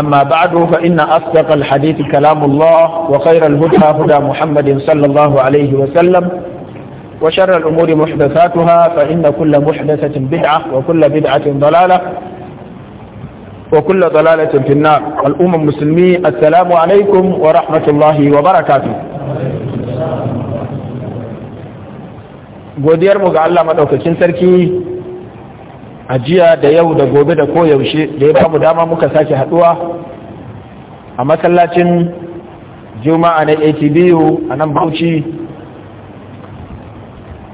أما بعد فإن أصدق الحديث كلام الله وخير الهدى هدى محمد صلى الله عليه وسلم وشر الأمور محدثاتها فإن كل محدثة بدعة وكل بدعة ضلالة وكل ضلالة في النار الأمم المسلمي السلام عليكم ورحمة الله وبركاته godiyar mu ga Allah madaukakin sarki a jiya da yau da gobe da koyaushe da ya babu dama muka sake haduwa a masallacin juma'a na atbu a nan bauchi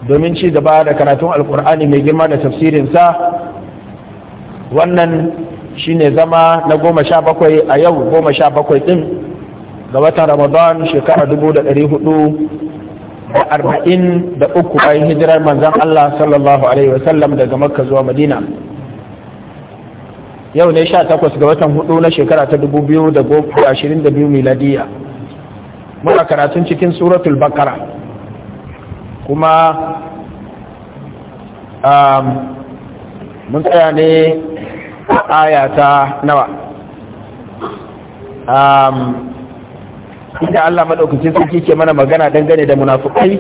domin ci gaba da karatun alkur'ani mai girma da tafsirinsa wannan shine zama na goma sha bakwai a yau goma sha bakwai din ga watan ramadan shekara dubu da da arba'in da uku bayan hijirar manzan Allah sallallahu alaihi wasallam daga makka zuwa madina yau ne sha takwas ga watan hudu na shekara ta dubu biyu da ashirin da biyu miladiya muna karatun cikin suratul bakara kuma um, mun tsaya ne aya ta nawa um, inda Allah madaukakin sarki ke mana magana dangane da munafukai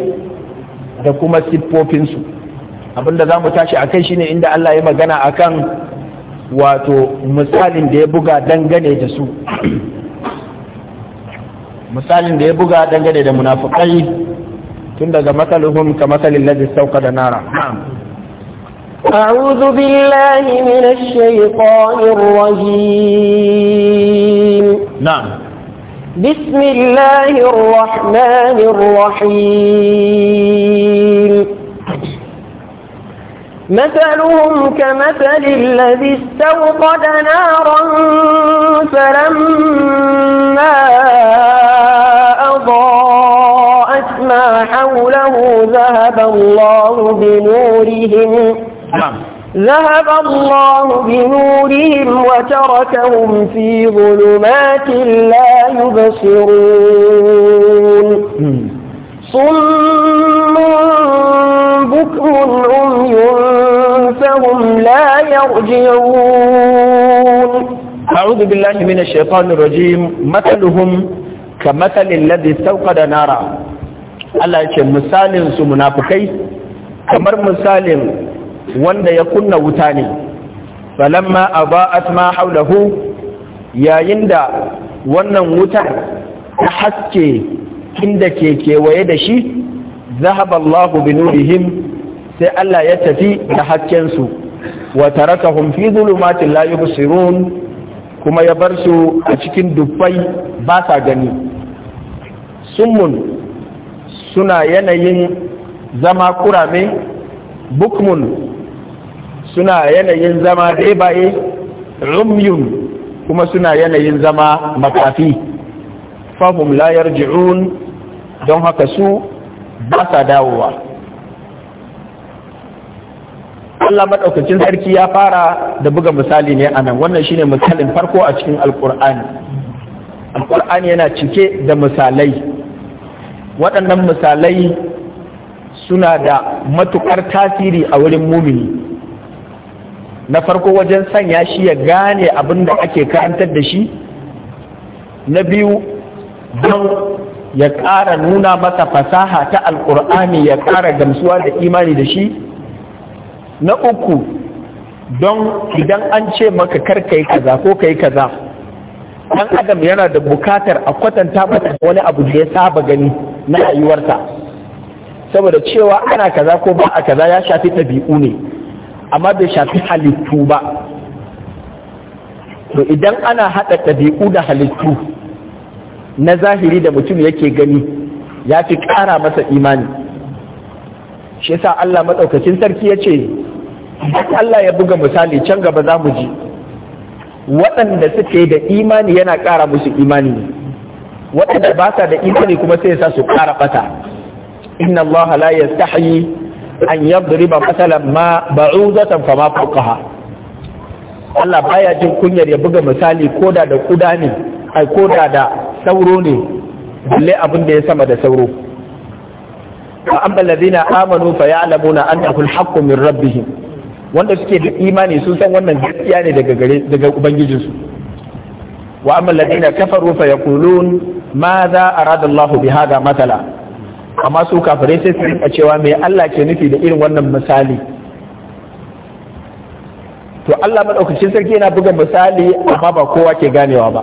da kuma siffofinsu abinda za mu tashi akan shine inda Allah ya magana akan wato misalin da ya buga dangane da su misalin da ya buga dangane da munafukai tun daga matsaluhun ka matsalin ladis sauka da nara أعوذ بالله من الشيطان الرجيم نعم بسم الله الرحمن الرحيم مثلهم كمثل الذي استوقد نارا فلما أضاءت ما حوله ذهب الله بنورهم نعم. ذهب الله بنورهم وتركهم في ظلمات لا يبصرون صم بكم عمي فهم لا يرجعون أعوذ بالله من الشيطان الرجيم مثلهم كمثل الذي استوقد نارا الله يقول misalin su munafukai kamar misalin wanda ya kunna wuta ne falamma aba'at ma haulahu yayin da wannan wutar ta haske inda ke kewaye da shi zahaballahu binurihim sai Allah ya tafi da hasken su wa tarakahum fi zulumatin la yubsirun kuma ya bar su a cikin dubbai ba sa gani summun suna yanayin zama kurame bukmun suna yanayin zama ɗebaye eh, rumyun kuma suna yanayin zama makafi fahim layar ji'un don haka su ba sa dawowa Allah maɗaukacin sarki ya fara da buga misali ne a nan wannan shine misalin farko a cikin alkur'ani alkur'ani yana cike da misalai waɗannan misalai suna da matukar tasiri a wurin mumini na farko wajen sanya shi ya gane abin da ake karantar da shi na biyu don ya ƙara nuna masa fasaha ta alƙur'ani ya ƙara gamsuwa da imani da shi na uku don idan an ce maka kar yi kaza ko yi kaza ɗan adam yana da bukatar a kwatanta mata wani abu da ya saba gani na rayuwarsa saboda cewa ana kaza ko ba a kaza ya shafi ɗabi'u ne amma bai shafi halittu ba to idan ana haɗa ɗabi'u da halittu na zahiri da mutum yake gani ya fi ƙara masa imani shi yasa Allah maɗaukacin sarki ya ce Allah ya buga misali can gaba za mu ji waɗanda suke da imani yana ƙara musu imani waɗanda ba sa da imani kuma sai ya sa su ƙara ɓata inna Allah la yastahi an yadriba masalan ma ba'udatan fama fawqaha Allah baya jin kunyar ya buga misali koda da kuda ne ai koda da sauro ne balle abin da ya sama da sauro wa amma alladhina amanu fa ya'lamuna annahu al min rabbihim wanda suke da imani sun san wannan gaskiya ne daga gare daga ubangijinsu wa amma alladhina kafaru fa yaqulun madha arada Allahu bi hadha matsala. amma su kafare sai su rika cewa me Allah ke nufi da irin wannan misali to Allah madaukakin sarki yana buga misali amma ba kowa ke ganewa ba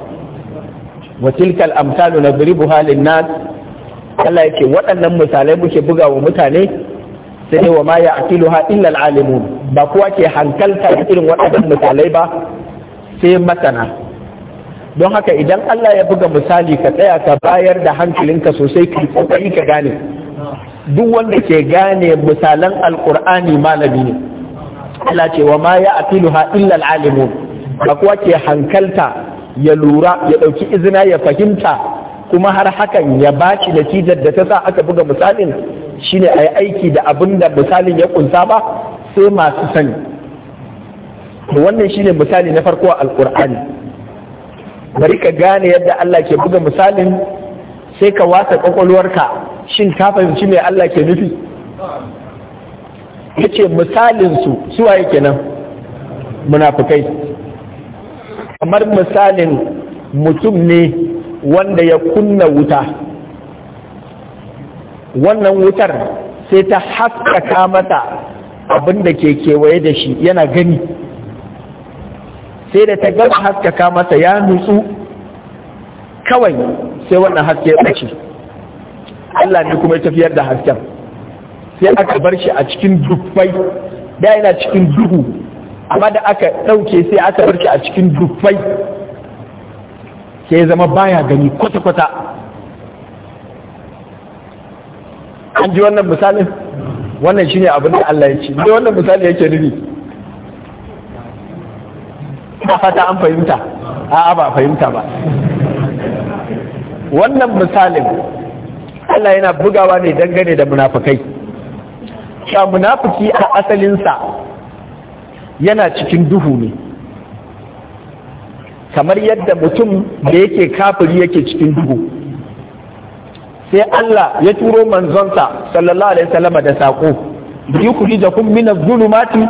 wa tilkal amsalu nadribuha lin-nas Allah yake waɗannan misalai muke buga wa mutane sai dai wa ma ha illa al-alimun ba kowa ke hankalta irin waɗannan misalai ba sai masana don haka idan Allah ya buga misali ka tsaya ka bayar da hankalinka sosai ka kokari ka gane duk wanda ke gane misalan alkur'ani malami ne Allah ce wa ma ya aqiluha illa alalimun ba kuwa ke hankalta ya lura ya dauki izina ya fahimta kuma har hakan ya baci natijar da ta sa aka buga misalin shine ayi aiki da abin da misalin ya kunsa ba sai masu sani wannan shine misali na farko a alkur'ani bari ka gane yadda Allah ke buga misalin sai ka wasa kwakwalwarka shin ka fahimci me Allah ke nufi ce misalin su yake nan, munafukai kamar misalin mutum ne wanda ya kunna wuta wannan wutar sai ta haskaka mata abin da ke kewaye da shi yana gani sai da ta gaba haskaka masa ya nutsu kawai sai wannan haske ya ɓace Allah ne kuma ya tafiyar da hasken sai aka bar shi a cikin dubbai da yana cikin duhu amma da aka ɗauke sai aka bar shi a cikin dubbai sai ya zama baya gani kwata-kwata an ji wannan misalin wannan shine abin da Allah ya ce wannan misali yake nufi ba fata an fahimta a'a ba fahimta ba wannan misalin Allah yana bugawa ne dangane da munafukai Ka munafuki a asalinsa yana cikin duhu ne kamar yadda mutum da yake kafiri yake cikin duhu sai Allah ya turo manzonsa sallallahu alaihi wasallam da saƙo liyukhrijakum min adh-dhulumati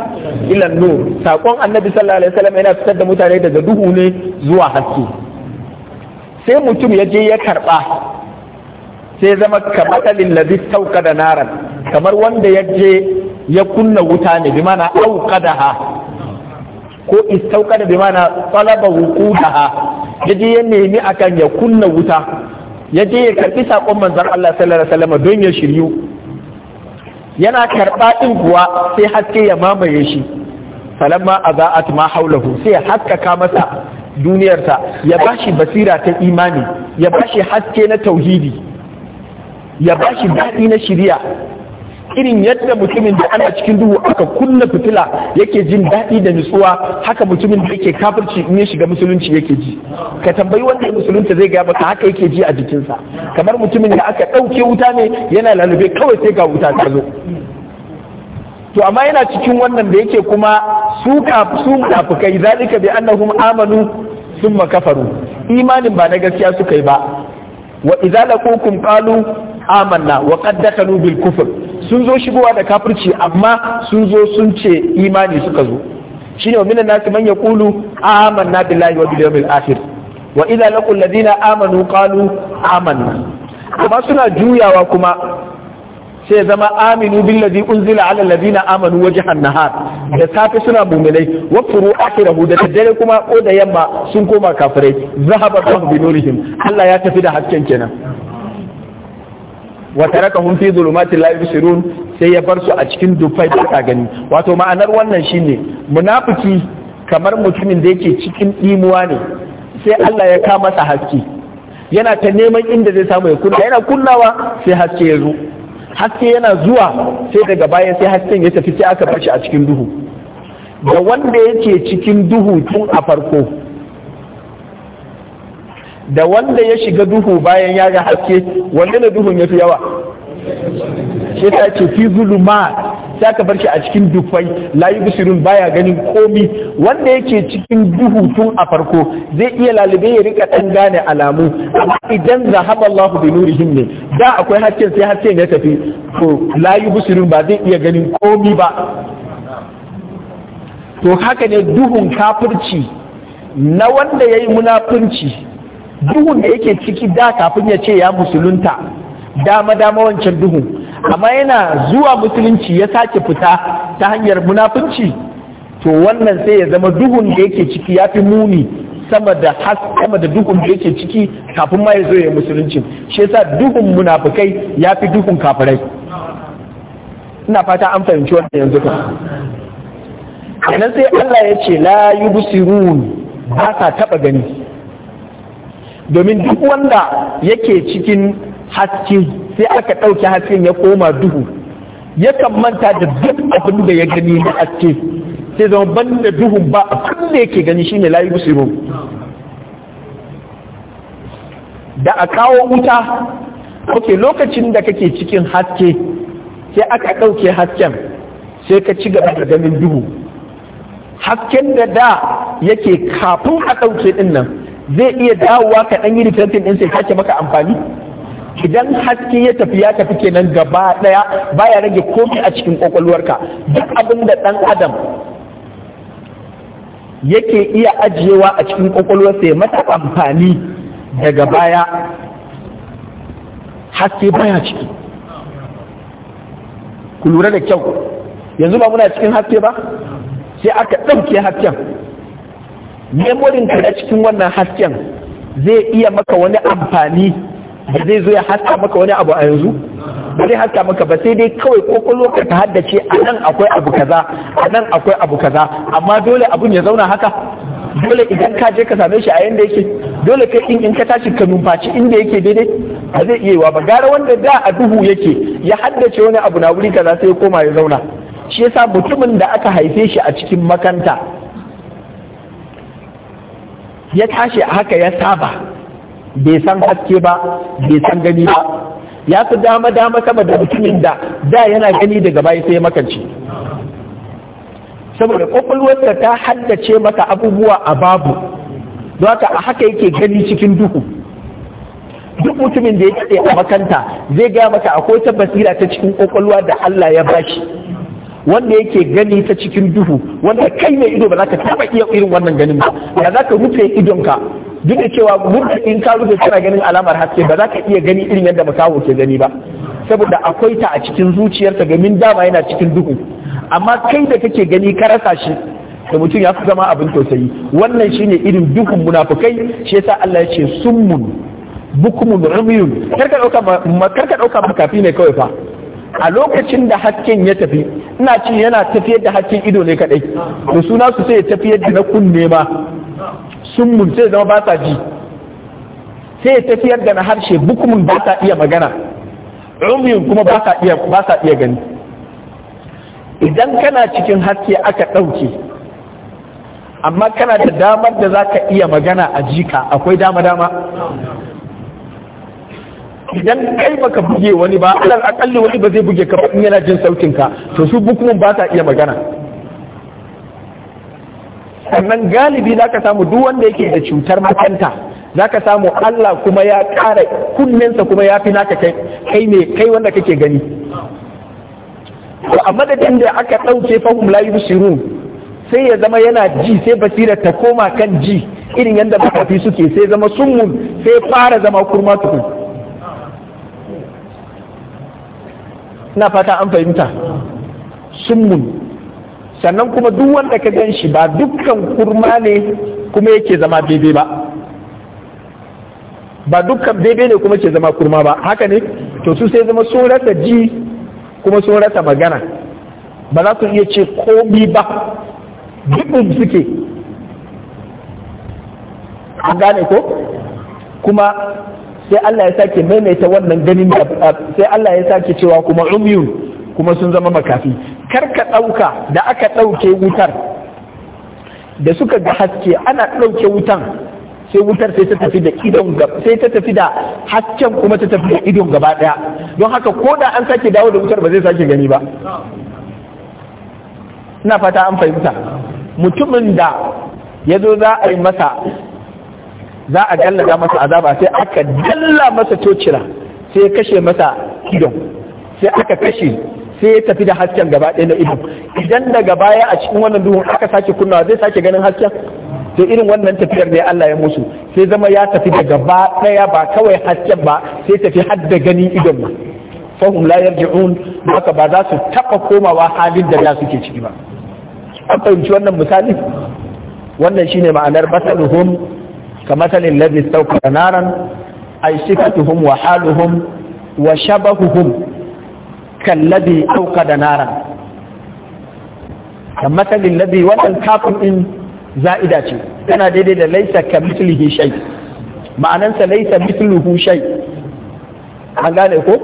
ila an-nur sakon annabi sallallahu alaihi wasallam yana fitar da mutane daga duhu ne zuwa haske sai mutum ya je ya karba sai zama kamatsalin ladhi da naran kamar wanda ya je ya kunna wuta ne bi mana ha, ko da bi mana talaba wuqudaha ya je ya nemi akan ya kunna wuta ya je ya karbi sakon manzon Allah sallallahu alaihi wasallam don ya shiryu yana karɓa ɗin kuwa sai haske ya mamaye shi a falamma aza'at ma haulahu sai haskaka masa duniyarsa ya bashi basira ta imani ya bashi haske na tauhidi ya bashi daɗi na shiriya irin yadda mutumin da ana cikin duhu aka kunna fitila yake jin daɗi da nutsuwa haka mutumin da yake kafirci in ya shiga musulunci yake ji ka tambayi wanda musulunta zai gaya maka haka yake ji a jikinsa kamar mutumin da aka ɗauke wuta ne yana lalube kawai sai ga wuta ta zo to amma yana cikin wannan da yake kuma su su munafikai zalika bi annahum amanu thumma kafaru imanin ba na gaskiya suka yi ba wa idza laqukum qalu amanna wa qad dakhalu bil kufr sun zo shigowa da kafirci amma sun zo sun ce imani suka zo shine wa minan nasi man yaqulu na billahi wa bil mil akhir wa idza laqul ladina amanu qalu amanna amma suna juyawa kuma sai zama aminu billazi unzila ala alladhina amanu wajhan nahar da safe suna mu'minai wa furu akhirahu da dare kuma ko da yamma sun koma kafirai zahaba bi Allah ya tafi da hasken kenan wa raka fi zulumati la yusirun sai ya bar su a cikin dufai da ka gani wato ma'anar wannan shine munafiki kamar mutumin da yake cikin dimuwa ne sai Allah ya kama sa haske yana ta neman inda zai samu ya kunna yana kunnawa sai haske ya zo haske yana zuwa sai daga baya sai hasken ya tafi sai aka bar shi a cikin duhu da wanda yake cikin duhu tun a farko da wanda ya shiga duhu bayan ya ga haske wanda da duhun ya fi yawa shi ta ce fi zuluma ta ka bar shi a cikin dufai layi busirun baya ganin komi wanda yake cikin duhu tun a farko zai iya lalube ya rika ɗan gane alamu amma idan zahaba Allah bi nurihim ne da akwai hasken sai hasken ya tafi to layi busirun ba zai iya ganin komi ba to haka ne duhun kafirci na wanda ya yi munafunci duhun da yake ciki da kafin ya ce ya musulunta dama dama wancan duhun amma yana zuwa musulunci ya sake fita ta hanyar munafunci to wannan sai ya zama duhun da yake ciki ya fi muni sama da has sama da duhun da yake ciki kafin ma ya zo ya musulunci shi yasa duhun munafukai ya fi duhun kafirai ina fata an fahimci wannan yanzu ka kenan sai Allah ya ce la yubsirun ba sa taba gani domin duk wanda yake cikin haske sai aka ɗauke hasken ya koma duhu yakan manta da duk abin da ya gani na haske sai zama ban da duhun ba abin da yake gani shine layi musulmi da a kawo wuta ok lokacin da kake cikin haske sai aka ɗauke hasken sai ka ci gaba da ganin duhu hasken da da yake kafin a ɗauke ɗin nan zai iya dawowa ka ɗan yi reflecting ɗin sai sake maka amfani idan haske ya tafi ya tafi kenan gaba ɗaya baya rage komai a cikin kwakwalwarka duk abin da ɗan adam yake iya ajiyewa a cikin kwakwalwarsa ya mata amfani daga baya haske baya ciki ku lura da kyau yanzu ba muna cikin haske ba sai aka ɗauke hasken memorin ka na cikin wannan hasken zai iya maka wani amfani da zai zo ya haska maka wani abu a yanzu ba zai haska maka ba sai dai kawai kokolo ka ta haddace a nan akwai abu kaza a nan akwai abu kaza amma dole abun ya zauna haka dole idan ka je ka same shi a yanda yake dole kai in in ka tashi ka numfaci inda yake daidai ba zai iya yiwa ba gara wanda da a duhu yake ya haddace wani abu na wuri kaza sai ya koma ya zauna shi yasa mutumin da aka haife shi a cikin makanta ya tashi haka ya saba bai san haske ba bai san gani ba ya fi dama dama sama da mutumin da da yana gani daga baya sai makanci saboda da ta haddace maka abubuwa a babu don haka a haka yake gani cikin duhu duk mutumin da ya daɗe a makanta zai gaya maka akwai ta basira ta cikin kwakwalwa da Allah ya bashi wanda yake gani ta cikin duhu wanda kai mai ido ba za ka taba iya irin wannan ganin ba ya za ka rufe idonka duk da cewa muddin in ka rufe kana ganin alamar haske ba za ka iya gani irin yadda makaho ke gani ba saboda akwai ta a cikin zuciyarta gamin dama yana cikin duhu amma kai da kake gani ka rasa shi da mutum ya fi zama abin tausayi wannan shine irin duhun munafukai shi yasa Allah ya ce summun bukumun rumiyun karka ɗauka makafi ne kawai fa a lokacin da hasken ya tafi ina ci yana tafiyar da hasken ido ne kadai da suna su sai ya tafiyar da na kunne ma sun mun sai zama ba sa ji sai ya tafiyar da na harshe bukumin ba sa iya magana umiyun kuma ba sa iya ba sa iya gani idan kana cikin haske aka ɗauke amma kana da damar da za ka iya magana a jika akwai dama-dama idan kai baka buge wani ba alal akalli wani ba zai buge ka ba in yana jin sautin ka to su bukumin ba sa iya magana sannan galibi za ka samu duk wanda yake da cutar makanta za ka samu Allah kuma ya ƙara kunnensa kuma ya fi naka kai kai ne kai wanda kake gani a madadin da aka ɗauke fahim layu yusirun sai ya zama yana ji sai basira ta koma kan ji irin yadda makafi suke sai zama summun sai fara zama kurma tukun ina fata an fahimta mun sannan kuma duk wanda ka gan shi ba dukkan kurma ne kuma yake zama bebe ba ba dukkan bebe ne kuma ke zama kurma ba haka ne to su sai zama sun ji kuma sun magana ba za su iya ce komi ba dukkan suke an gane ko kuma sai Allah ya sake maimaita wannan ganin sai Allah ya sake cewa kuma umyun kuma sun zama makafi kar ka ɗauka da aka ɗauke wutar da suka ga haske ana ɗauke wutan sai wutar sai ta tafi da idon sai ta tafi da hasken kuma ta tafi da idon gaba ɗaya don haka ko da an sake dawo da wutar ba zai sake gani ba ina fata an fahimta mutumin da ya zo za a yi masa za a gallada masa azaba sai aka jalla masa cocira sai ya kashe masa idon sai aka kashe sai ya tafi da hasken gaba ɗaya na idon idan daga baya a cikin wannan duhun aka sake kunnawa zai sake ganin hasken sai irin wannan tafiyar ne Allah ya musu sai zama ya tafi da gaba ɗaya ba kawai hasken ba sai tafi har da gani idon ma fahum la yarji'un haka ba za su taɓa komawa halin da za suke ciki ba an fahimci wannan misali wannan shine ma'anar basaluhum kamatalin ladhi istawqada naran ay sifatuhum wa haluhum wa shabahuhum kalladhi awqada naran kamatalin ladhi wannan kafin in za'ida ce tana daidai da laisa kamithlihi shai. ma'anansa laisa mithluhu shai. an gane ko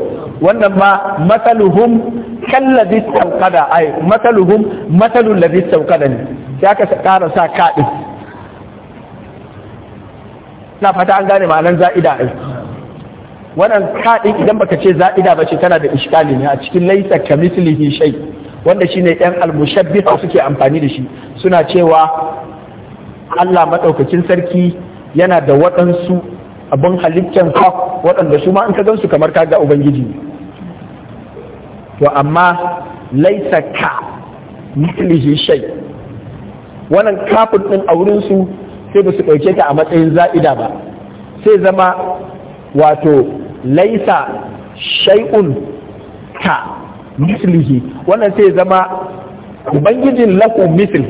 wannan ma mataluhum kalladhi istawqada ay mataluhum matalul ladhi istawqada ne sai aka ƙara sa kaɗin na fata an gane ma'anar za'ida ɗin wannan kaɗin idan baka ce za'ida ba ce tana da iskali ne a cikin laisa kamislihi shay wanda shine ɗan almushabbiha suke amfani da shi suna cewa Allah maɗaukakin sarki yana da waɗansu abin halittar ka waɗanda su ma in ka gansu kamar ka ga ubangiji to amma laisa ka mislihi shay wannan kafin ɗin a wurinsu sai ba su ɗauke ta a matsayin za'ida ba sai zama wato laisa shay'un ka mislihi wannan sai zama ubangijin laku misl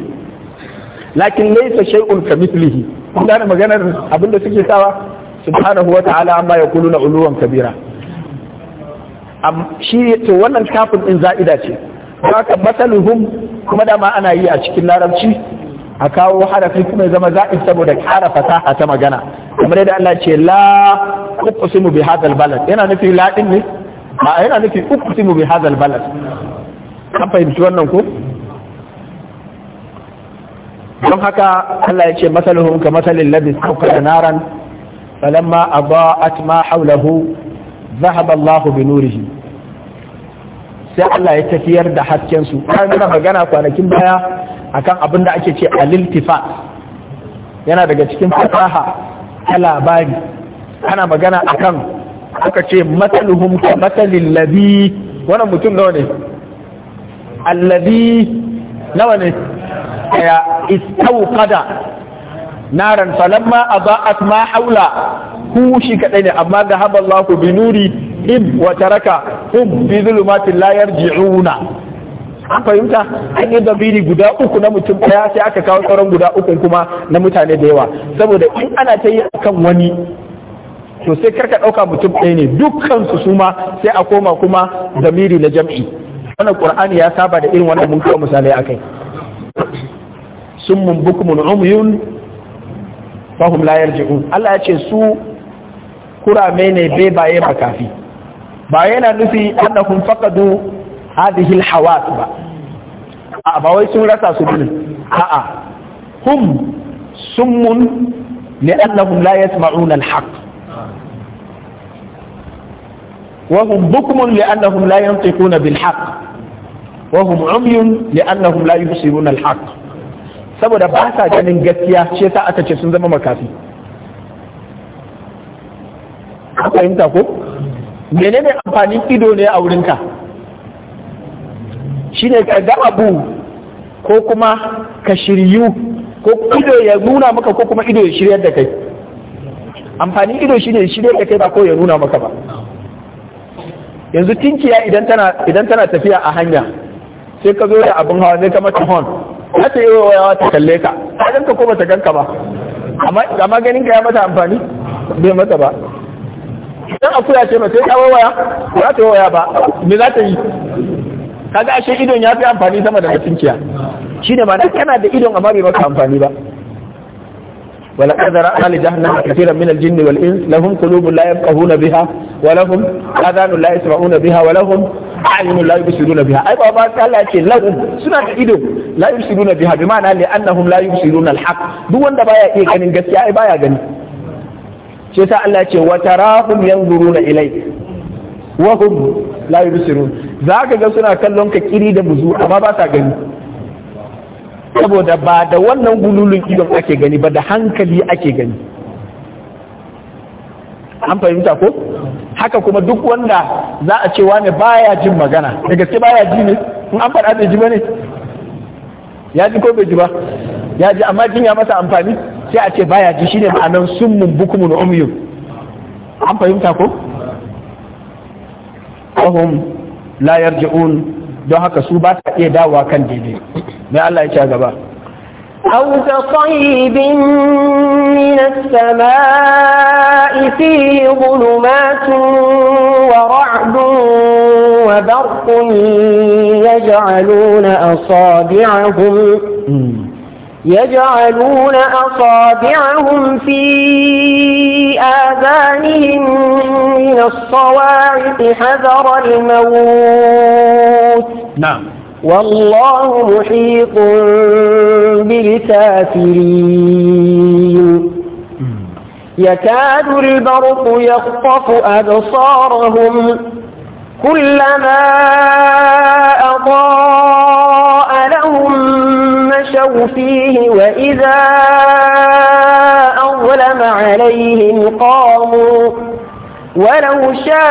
lakin laisa shay'un ka mislihi kun gane maganar abinda suke sawa subhanahu wata'ala amma na uluwan kabira shi to wannan kafin ɗin za'ida ce haka masaluhum kuma dama ana yi a cikin larabci a kawo harafi kuma zama za'id saboda ƙara fasaha ta magana kamar yadda Allah ce la uqsimu bi hadal balad yana nufi la din ne ba yana nufi uqsimu bi hadal balad an fahimci wannan ko don haka Allah ya ce masaluhum ka masalin ladhi da naran falamma adaa'at ma hawlahu dhahaba Allahu bi nurihi sai Allah ya tafiyar da hasken su kan magana kwanakin baya akan abin da ake ce aliltifa yana daga cikin fasaha ta labari ana magana akan aka ce matsaluhum ka matsalin labi wannan mutum nawa ne allabi nawa ne ya istauqada naran falamma adaat ma haula hu shi kadai ne amma da haballahu bi nuri ib wa taraka hum bi zulumatin la yarji'una an fahimta an yi dabiri guda uku na mutum ɗaya sai aka kawo sauran guda uku kuma na mutane da yawa saboda in ana ta yi akan wani to sai karka ɗauka mutum ɗaya ne dukkansu su ma sai a koma kuma damiri na jam'i wannan Kur'ani ya saba da irin wannan mun kawo misalai akai summun mun umuyun fahim layar yarji'un Allah ya ce su kurame ne bai baye makafi ba yana nufi annahum faqadu hadhihi hawasu ba a ba wai sun rasa su din a'a hum summun li'annahum la yasma'una alhaq wa hum bukmun li'annahum la yantiquna bilhaq wa hum umyun li'annahum la yubsiruna alhaq saboda ba sa ganin gaskiya shi yasa aka ce sun zama makafi ka fahimta ko menene amfanin ido ne a wurinka shine ka ga abu ko kuma ka shiryu ko ido ya nuna maka ko kuma ido ya shiryar da kai amfanin ido shine ya shiryar da kai ba ko ya nuna maka ba yanzu tinkiya idan tana idan tana tafiya a hanya sai ka zo da abin hawa zai kama ta hon za ta yi wayawa ta kalle ka ka ganka ko ta ganka ba amma ganin ka ya mata amfani bai mata ba idan akuya ce ba sai ta waya ba za ta waya ba me za ta yi kaga ashe idon ya fi amfani sama da mutunkiya shine ma kana da idon amma bai maka amfani ba ولقد رأنا لجهنم كثيرا من الجن والإنس لهم قلوب لا يفقهون بها ولهم آذان لا يسمعون بها ولهم أعين لا يبصرون بها أي بابا قال لهم سنة إيدهم لا يبصرون بها بمعنى لأنهم لا يبصرون الحق دو وند بايا إيه غني غسيا أي بايا غني شيسا الله يقول وتراهم ينظرون إليك wahum la yubsirun za ka ga suna kallon ka kiri da buzu amma ba sa gani saboda ba da wannan gululun idon ake gani ba da hankali ake gani an fahimta ko haka kuma duk wanda za a ce wani baya jin magana da gaske baya ji ne in an faɗa bai ji ba ne ya ji ko bai ji ba ya ji amma jin ya masa amfani sai a ce baya ji shine ma'anan summun bukumun umyun an fahimta ko وهم لا يرجعون don haka su ba ta iya dawowa kan daidai mai Allah ya أو كطيب من السماء فيه ظلمات ورعد وبرق يجعلون أصابعهم يجعلون أصابعهم في آذانهم من الصواعق حذر الموت نعم والله محيط بالكافرين يكاد البرق يخطف أبصارهم كلما أضاء بغوا فيه وإذا أظلم عليهم قاموا ولو شاء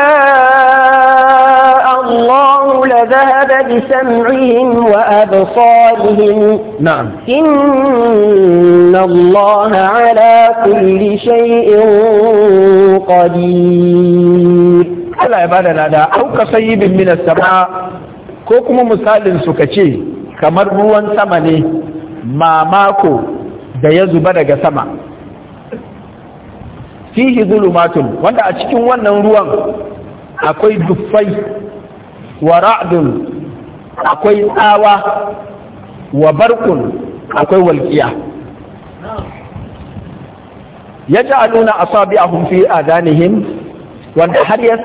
الله لذهب بسمعهم وأبصارهم نعم إن الله على كل شيء قدير ألا يبارك لنا أو كصيب من السماء كوكم kuma سكتي كمر ce kamar mamako da ya zuba daga sama fihi zulumatun wanda a cikin wannan ruwan akwai dufai wa ra'dun akwai tsawa wa barkun akwai walƙiya ya ji aluna a sabi a hunfi a danihin wanda har ya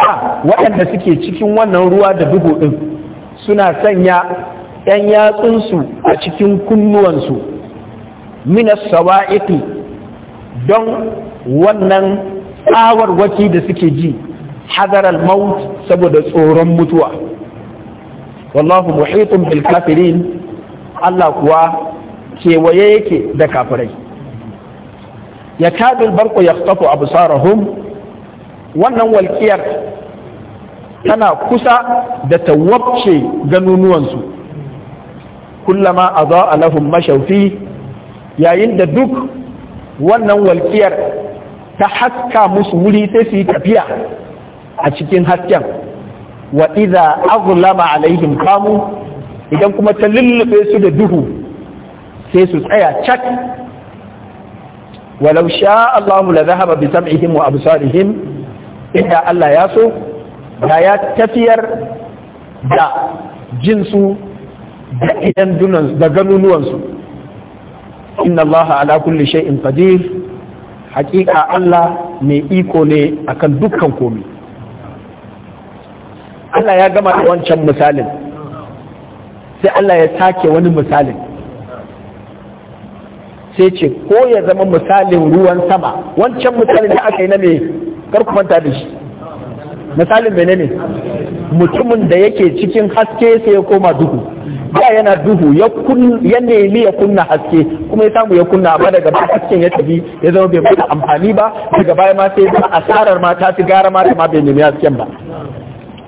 waɗanda suke cikin wannan ruwa da dubu ɗin suna sanya 'yan yatsunsu a cikin kunnuwansu minas sawa'iqi don wannan tsawarwaki da suke ji hadaral maut saboda tsoron mutuwa wallahu muhitun bil kafirin Allah kuwa kewaye yake da kafirai ya kadul barko ya tafi absarahum wannan walƙiyar tana kusa da tawabce ganunuwansu kullama adha'a lahum mashaw fi yayin da duk wannan walƙiyar ta haska musu wuri sai su yi tafiya a cikin hasken wa idza azlama alaihim kamu idan kuma ta lullube su da duhu sai su tsaya cak walau sha Allahu la zahaba bi sam'ihim wa absarihim inda Allah ya so ya tafiyar da jinsu da dunan da ganunuwansu inna allaha ala kulli shay'in qadir hakika Allah mai iko ne akan dukkan komi Allah ya gama da wancan misalin sai Allah ya sake wani misalin sai ce ko ya zama misalin ruwan sama wancan misalin da aka yi na mai karkumanta da shi misalin menene mutumin da yake cikin haske sai ya koma duhu da yana duhu ya nemi ya kunna haske kuma ya samu ya kunna ba daga baya hasken ya tafi ya zama bai kuma amfani ba daga baya ma sai ba asarar ma ta gara ma ta ma bai nemi hasken ba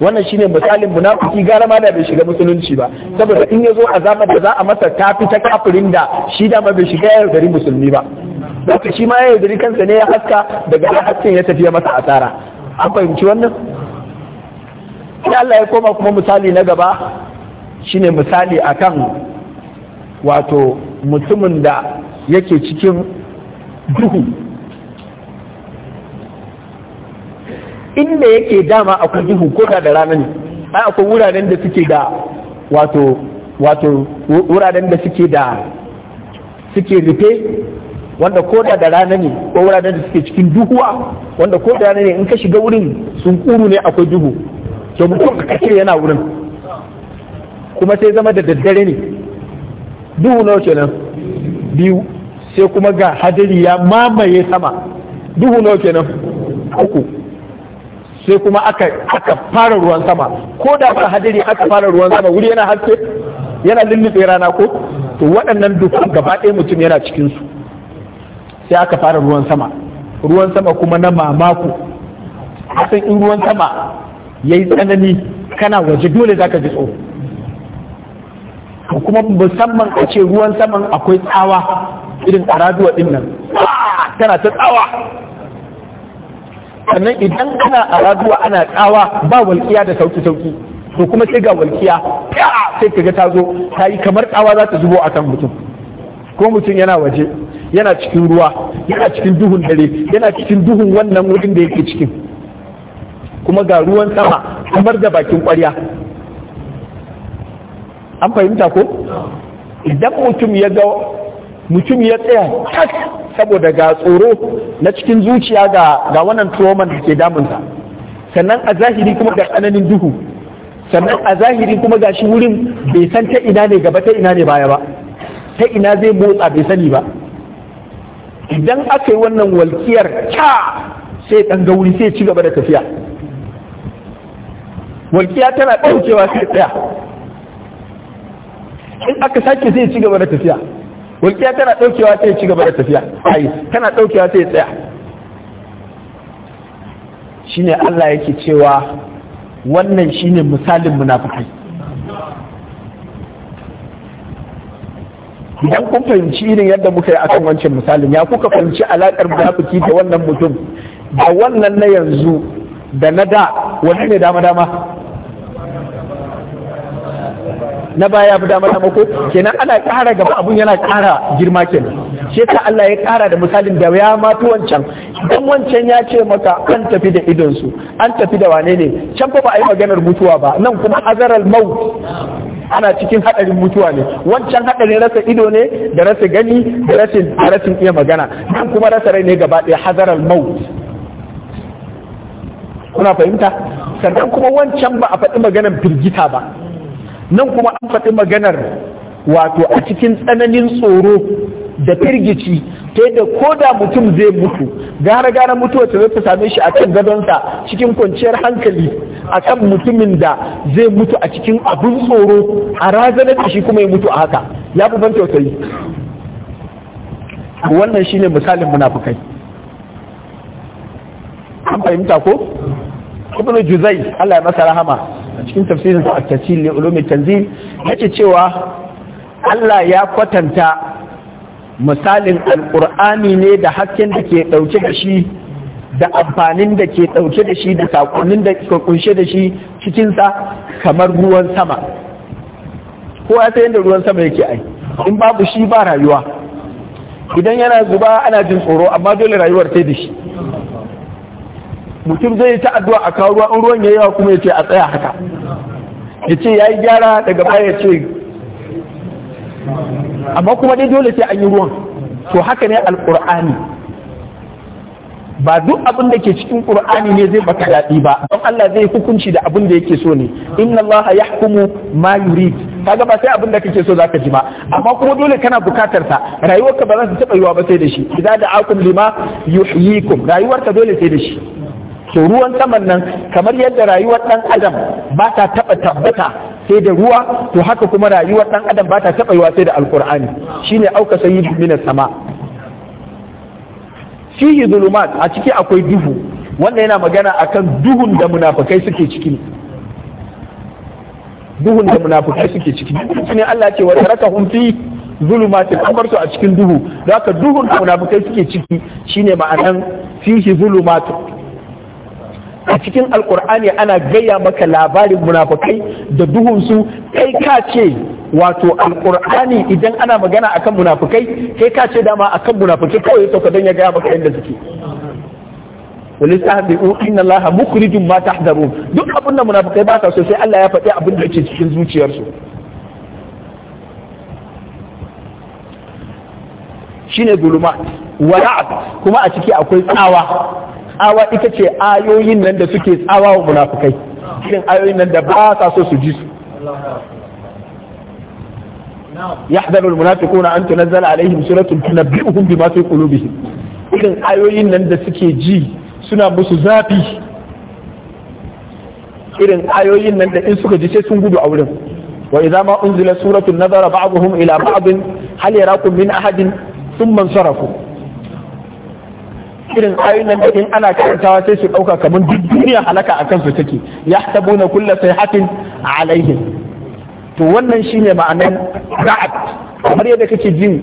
wannan shine misalin munafiki gara ma da bai shiga musulunci ba saboda in ya zo azabar da za a masa ta fi ta kafirin da shi da ma bai shiga ya gari musulmi ba haka shi ma ya yaudari kansa ne ya haska daga hasken ya tafi ya masa asara an fahimci wannan sai Allah ya koma kuma misali na gaba shine misali akan wato mutumin da yake cikin duhu inda yake dama akwai duhu ko da da rana ne ai akwai wuraren da suke da wato wato wuraren da suke da suke rufe wanda ko da da rana ne ko wuraren da suke cikin duhuwa wanda ko da rana ne in ka shiga wurin sun kuru ne akwai duhu to mutum ka kace yana wurin kuma sai zama da daddare ne duhu nawa kenan biyu sai kuma ga hadari ya mamaye sama duhu nawa kenan uku sai kuma aka fara ruwan sama ko da ba hadari aka fara ruwan sama wuri yana haske yana lullube rana ko to waɗannan dukkan gaba ɗaya mutum yana cikin su sai aka fara ruwan sama ruwan sama kuma na mamako san in ruwan sama yayi tsanani kana waje dole zaka ji tsoro kuma musamman a ce ruwan saman akwai tsawa irin araduwa din nan ah, tana ta tsawa sannan idan ana araduwa ana tsawa ba walƙiya da sauki sauki to kuma sai ga walƙiya sai ga ta zo ta yi kamar tsawa za ta zubo a kan mutum ko mutum yana waje yana cikin ruwa yana cikin duhun dare yana cikin duhun wannan wurin da yake cikin kuma ga ruwan sama kamar da bakin ƙwarya an fahimta ko idan mutum ya ga mutum ya tsaya tak saboda ga tsoro na cikin zuciya ga ga wannan turoman da ke damunsa sannan a zahiri kuma ga tsananin duhu sannan a zahiri kuma ga shi wurin bai san ta ina ne gaba ta ina ne baya ba ta ina zai motsa bai sani ba idan aka yi wannan walkiyar ta sai ɗan gauri sai ci gaba da tafiya walkiya tana ɗaukewa sai tsaya in aka sake zai ci gaba da tafiya walƙiya tana ɗaukewa sai ci gaba da tafiya ai tana ɗaukewa sai tsaya shine Allah yake cewa wannan shine misalin munafikai idan kun fahimci irin yadda muka yi akan wancan misalin ya kuka fahimci alaƙar munafiki da wannan mutum da wannan na yanzu da na da wani ne dama dama na baya fi dama dama ko kenan ana ƙara gaba abun yana ƙara girma kenan shi yasa Allah ya ƙara da misalin da ya matu wancan dan wancan ya ce maka an tafi da idonsu an tafi da wane ne can fa ba a yi maganar mutuwa ba nan kuma azaral maut ana cikin hadarin mutuwa ne wancan hadarin rasa ido ne da rasa gani da rasin rasin iya magana nan kuma rasa rai ne gaba ɗaya hazaral maut kuna fahimta sannan kuma wancan ba a faɗi maganar firgita ba nan kuma an faɗi maganar wato a cikin tsananin tsoro da firgici ta yadda ko da mutum zai mutu gara gara mutuwa ta zai ta same shi a kan gadonsa cikin kwanciyar hankali a kan mutumin da zai mutu a cikin abin tsoro a razanar da shi kuma ya mutu a haka ya fi ban tausayi wannan shi ne misalin munafukai an fahimta ko juzai Allah ya masa rahama a cikin tafsirin sa at-tafsir ulumi tanzil yace cewa Allah ya kwatanta misalin alqur'ani ne da hasken da ke dauke da shi da amfanin da ke dauke da shi da sakonnin da ke kunshe da shi cikin kamar ruwan sama Ko ya san da ruwan sama yake ai in babu shi ba rayuwa idan yana zuba ana jin tsoro amma dole rayuwar sai da shi mutum zai ta addu'a a kawo ruwa in ruwan ya yawa kuma ya ce a tsaya haka ya ce ya yi gyara daga baya ya ce amma kuma dai dole sai an yi ruwan to haka ne alƙur'ani ba duk abin da ke cikin ƙur'ani ne zai baka daɗi ba don Allah zai hukunci da abin da yake so ne inna Allah hukumu ma yurid kaga ba sai abin da kake so zaka ji ba amma kuma dole kana bukatar sa rayuwarka ba za ta taɓa yiwa ba sai da shi idza da'akum lima yuhyikum rayuwarka dole sai da shi so ruwan saman nan kamar yadda rayuwar ɗan adam ba ta taɓa tabbata sai da ruwa to haka kuma rayuwar ɗan adam ba ta taɓa yiwa sai da alkur'ani shine auka sayi minas sama fihi zulumat a ciki akwai duhu wanda yana magana akan duhun da munafukai suke ciki duhun da munafukai suke ciki shine Allah ce wa tarakahum fi zulumat an bar su a cikin duhu zaka duhun da munafukai suke ciki shine ma'anan fihi zulumat a cikin alkur'ani ana gaya maka labarin munafukai da duhunsu kai ka ce wato alkur'ani idan ana magana akan munafukai kai ka ce dama akan munafukai kawai ya sauka don ya gaya maka yadda suke walistahdi'u inna allaha mukhrijum ma tahdharun duk abin da munafukai ba sa so sai Allah ya faɗi abin da yake cikin zuciyarsu shine gulumat wala'at kuma a ciki akwai tsawa tsawa ita ce ayoyin nan da suke tsawa wa munafukai irin ayoyin nan da ba sa so su ji su يحذر المنافقون أن تنزل عليهم سورة تنبئهم بما في قلوبهم irin ayoyin nan da suke ji suna musu zafi irin ayoyin nan da in suka ji sai sun gudu a wurin wa idza ma unzila suratun nazara ba'dhum ila ba'd hal yarakum min ahadin thumma sarafu irin ayoyin nan da in ana karantawa sai su ɗauka kamar duk duniya halaka a kansu take ya sai kulla a alaihim to wannan shine ma'anar ra'ad kamar yadda kake jin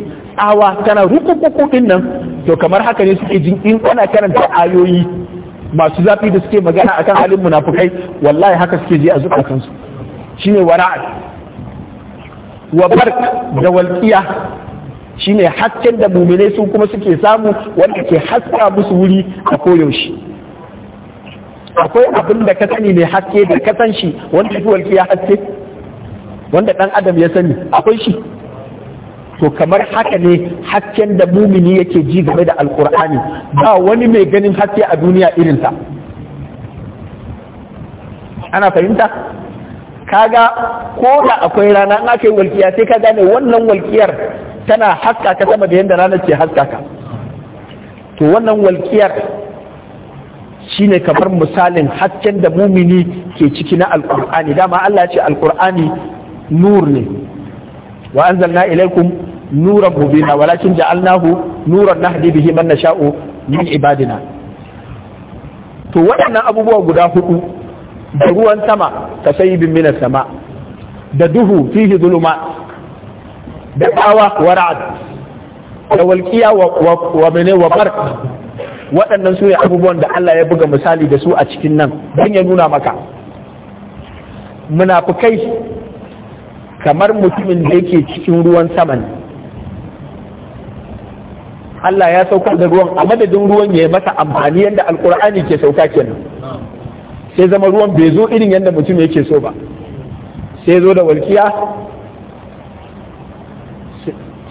awa tana rukukuku din nan to kamar haka ne suke jin in ana karanta ayoyi masu zafi da suke magana akan halin munafukai wallahi haka suke ji a zukatansu shine wara'ad wa bark da walqiya ne hasken da muminai su kuma suke samu wanda ke haska musu wuri a koyaushe akwai abin da ka sani mai haske da ka san shi wanda fi walƙiya haske wanda ɗan adam ya sani akwai shi to kamar haka ne hasken da mumini yake ji game da alkur'ani ba wani mai ganin haske a duniya irinsa ana fahimta kaga ko da akwai rana in aka yi walƙiya sai ka gane wannan walkiyar tana haska ka sama da yadda rana ce haska ka. to wannan walƙiyar shine kamar misalin hasken da mumini ke ciki na alƙur'ani dama Allah ce alkur'ani nur ne wa anzalna ilaikum nuran mubina walakin ja'alnahu nuran nahdi bihi man nasha'u min ibadina to waɗannan abubuwa guda hudu da ruwan sama ka sayyibin min sama da duhu fihi zuluma da bawa wa ra'ad da walqiya wa bane wa barq waɗannan su ne abubuwan da Allah ya buga misali da su a cikin nan don ya nuna maka munafukai kamar mutumin da yake cikin ruwan sama ne. Allah ya sauka da ruwan a madadin ruwan ya yi masa amfani yadda alkur'ani ke sauka kenan sai zama ruwan bai zo irin yadda mutum yake so ba sai zo da walkiya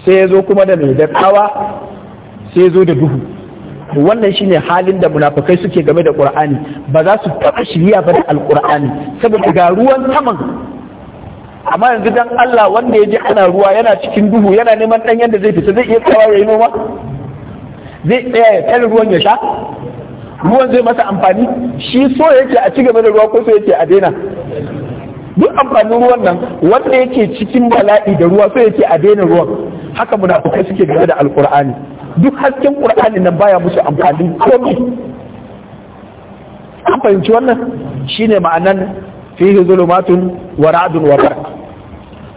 sai zo kuma da mai da sai zo da duhu wannan shine halin da munafukai suke game da qur'ani ba za su taɓa shirya ba da alqur'ani saboda ga ruwan saman amma yanzu dan Allah wanda ya ji ana ruwa yana cikin duhu yana neman ɗanyen da zai fita zai iya tsawa ya noma zai tsaya ya tare ruwan ya sha ruwan zai masa amfani shi so yake a ci gaba da ruwa ko so yake a daina duk amfanin ruwan nan wanda yake cikin bala'i da ruwa so yake a daina ruwan haka muna munafukai suke game da alkur'ani duk hasken qur'ani nan baya musu amfani komai an fahimci wannan shine ma'anan fihi zulumatun wa ra'dun wa barq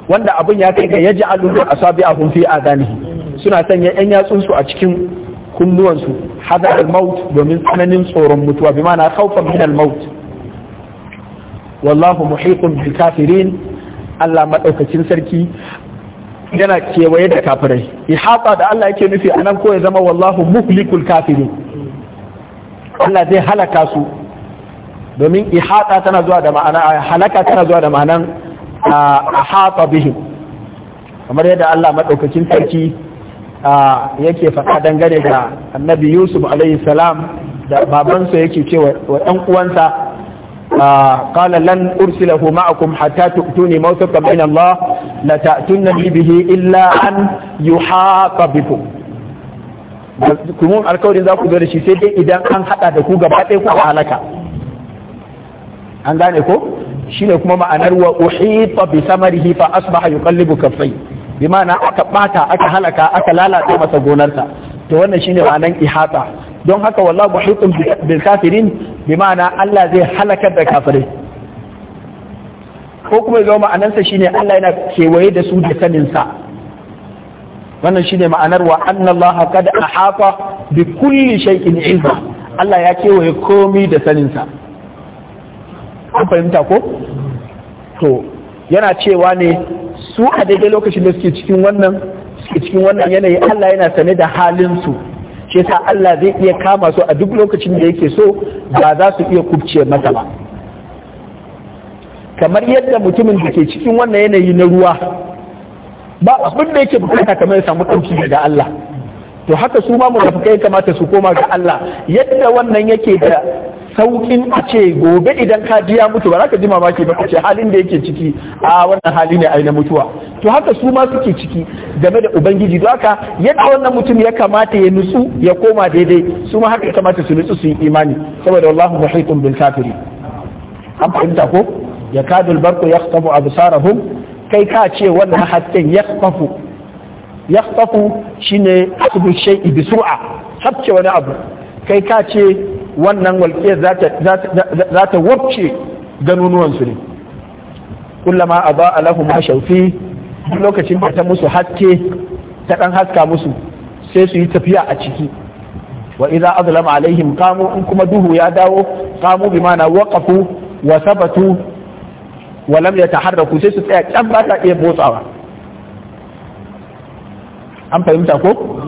wanda abin ya kai ga sabi asabi'ahum fi adanihi suna sanya yan yatsunsu a cikin kunnuwansu hadar al-maut domin tsananin tsoron mutuwa bi ma'ana khawfan min al-maut wallahu muhiqun bil kafirin Allah madaukakin sarki yana kewaye da kafirai ihata da Allah yake nufi anan ko ya zama wallahu muhlikul kafirin Allah zai halaka su domin ihata tana zuwa da ma'ana halaka tana zuwa da ma'anan ahata bihim kamar yadda Allah madaukakin sarki yake faɗa dangane da annabi yusuf alaihi salam da babansa yake ce wa ɗan uwansa qala lan huma ma'akum hatta tu'tuni mawthaqa min Allah la ta'tunni bihi illa an yuhaqa bikum kuma alkawarin za ku zo da shi sai dai idan an haɗa da ku gaba ɗaya ku halaka an gane ko shine kuma ma'anar wa uhita bi samarihi fa asbaha yuqallibu kaffai bi ma'ana aka bata aka halaka aka lalata masa gonarsa to wannan shine ma'anan ihata don haka wallahi muhitun bil kafirin bi ma'ana Allah zai halakar da kafirai ko kuma zama sa shine Allah yana kewaye da su da sanin sa wannan shine ma'anar wa anna Allah qad ahata bi kulli shay'in ilma Allah ya kewaye komai da sanin sa ko fahimta ko to yana cewa ne su a daidai lokacin da suke cikin wannan suke cikin wannan yanayi Allah yana sane da halin su shi yasa Allah zai iya kama su a duk lokacin da yake so ba za su iya kubce masa ba kamar yadda mutumin da ke cikin wannan yanayi na ruwa ba abin da yake bukata kamar ya samu ɗauki daga Allah to haka su ma munafikai kamata su koma ga Allah yadda wannan yake da saukin a ce gobe idan ka jiya mutu ba za ka ji mamaki ba ce halin da yake ciki a wannan hali ne ai na mutuwa to haka su ma suke ciki game da ubangiji don haka yadda wannan mutum ya kamata ya nutsu ya koma daidai su ma haka ya kamata su nutsu su yi imani saboda wallahu muhitun bil kafiri an fahimta ko ya kadul barku yakhtafu absarahum kai ka ce wannan hasken ya yakhtafu shine asbu shay'i sur'a habce wani abu kai ka ce wannan walƙiyar za ta wabce ganunuwansu ne kullama a ba a lahu duk lokacin da ta musu haske ta ɗan haska musu sai su yi tafiya a ciki wa idza azlama alaihim in kuma duhu ya dawo Kamu bi mana waqafu wa sabatu wa lam yataharraku sai su tsaya can ba ta iya motsawa an fahimta ko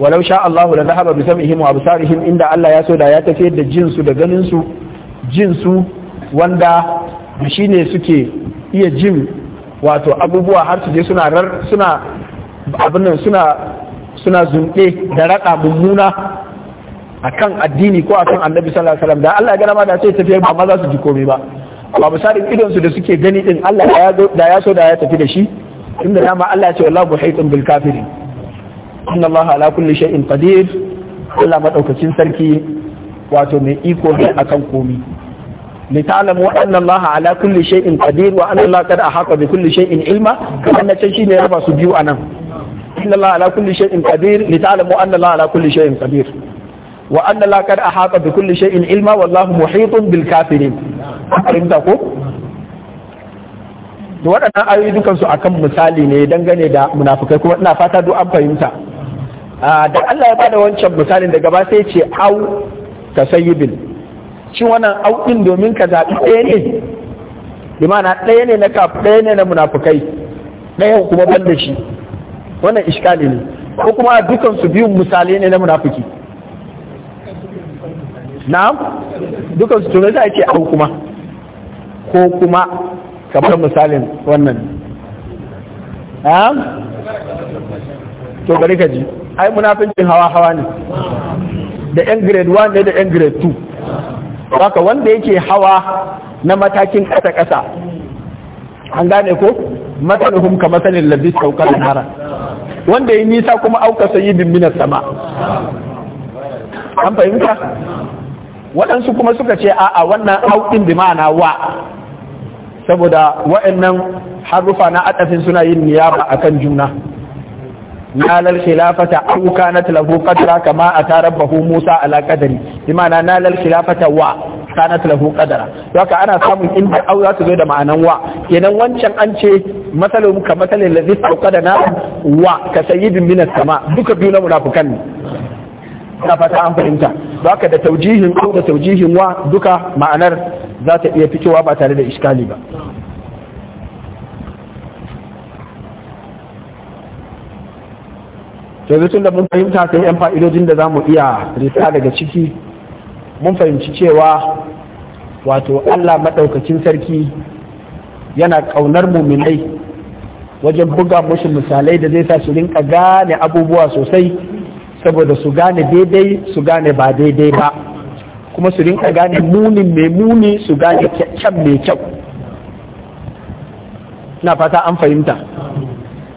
walau sha Allahu la zahaba bi sam'ihim wa absarihim inda Allah ya so da ya tafi da jinsu da ganin su jinsu wanda shine suke iya jin wato abubuwa har su je suna rar suna abin nan suna suna zunɗe da raɗa mummuna akan addini ko akan annabi sallallahu alaihi wasallam da Allah ya gana ma da sai tafiyar amma za su ji komai ba ba misalin idon su da suke gani din Allah da ya so da ya tafi da shi inda dama Allah ya ce wallahu muhitun bil kafirin inna Allah ala kulli shay'in qadir Allah madaukacin sarki wato mai iko ne akan komi li ta'lamu anna Allah ala kulli shay'in qadir wa anna Allah qad ahata bi kulli shay'in ilma kamar na can shine raba su biyu anan inna Allah ala kulli shay'in qadir li ta'lamu anna Allah ala kulli shay'in qadir wa anna Allah qad ahata bi kulli shay'in ilma wallahu muhitun bil kafirin fahimta ko to waɗannan ayoyi dukansu akan misali ne dangane da munafukai kuma ina fata duk an fahimta Ah, da Allah ya bada wancan misalin daga ba sai ce au ka sayyibin shi wannan au din domin ka zaɓi ɗaya ne bi ɗaya ne na kafu ɗaya ne na munafukai ɗaya kuma ban da shi wannan iskali ne ko kuma dukan su biyun misali ne na munafuki na'am dukan su tunai za a ce au kuma ko kuma kamar misalin wannan na'am to bari ka ji ai munafincin hawa hawa ne da yan grade 1 ne da yan grade 2 haka wanda yake hawa na matakin ƙasa ƙasa an gane ko matsalihum ka matsalin labis saukar nara wanda ya nisa kuma auka sayi bimbinar sama an fahimta waɗansu kuma suka ce a'a wannan auɗin bi ma'ana wa saboda wa'annan harufa na adafin suna yin niyaba akan juna nalal khilafata aw kanat lahu qadra kama ata rabbahu Musa ala qadari na nalal khilafata wa kanat lahu qadra haka ana samun inda aw za zo da ma'anan wa kenan wancan an ce masalum ka masalin ladhi qadana na wa ka sayyidin min sama duka biyu na munafikan ne ina fata an fahimta haka da taujihin ko da taujihin wa duka ma'anar za ta iya fitowa ba tare da iskali ba yanzu tun da mun fahimta sai yan fa'idojin da za mu iya risa daga ciki mun fahimci cewa wato allah maɗaukacin sarki yana ƙaunar muminai wajen buga musu misalai da zai sa su rinka gane abubuwa sosai saboda su gane daidai su gane ba daidai ba kuma su rinka gane munin mai muni su gane kyan mai kyau na fata an fahimta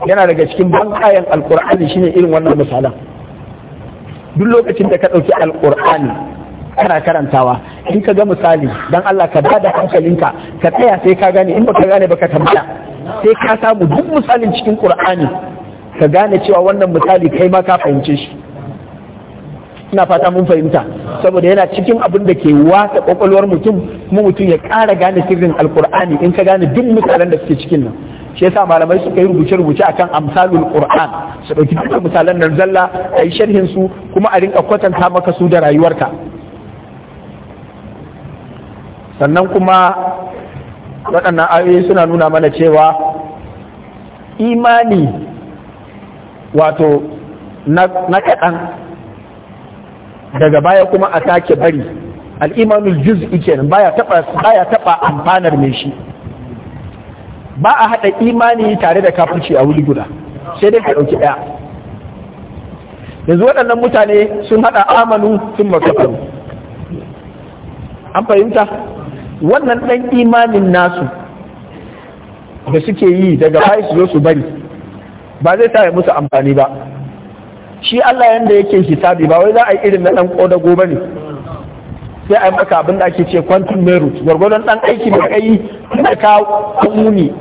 yana daga cikin bankayen alkur'ani shine irin wannan misala duk lokacin da ka ɗauki alkur'ani kana karantawa in ka ga misali dan Allah ka bada hankalinka ka tsaya sai ka gane in baka gane baka tambaya sai ka samu duk misalin cikin qur'ani ka gane cewa wannan misali kai ma ka fahimce shi ina fata mun fahimta saboda yana cikin abin da ke wata kwakwalwar mutum kuma mutum ya ƙara gane sirrin alkur'ani in ka gane duk misalan da suke cikin nan shi yasa malamai suka yi rubuce-rubuce akan amsalul qur'an su ɗauki dukkan misalan nan zalla a yi sharhin su kuma a rinka kwatanta maka su da rayuwarka sannan kuma waɗannan ayoyi suna nuna mana cewa imani wato na kaɗan daga baya kuma a sake bari al'imanul juz'i kenan baya taɓa amfanar mai shi ba a haɗa imani tare da kafirci a wuri guda sai dai ka ɗauki ɗaya yanzu waɗannan mutane sun haɗa amanu sun makafaru an fahimta wannan ɗan imanin nasu da suke yi daga bayi su zo su bari ba zai sa musu amfani ba shi Allah yanda yake hisabi ba wai za a yi irin na ɗan ƙodago ba ne sai a maka abin da ake ce quantum merit gwargwadon dan aiki mai kai da ka muni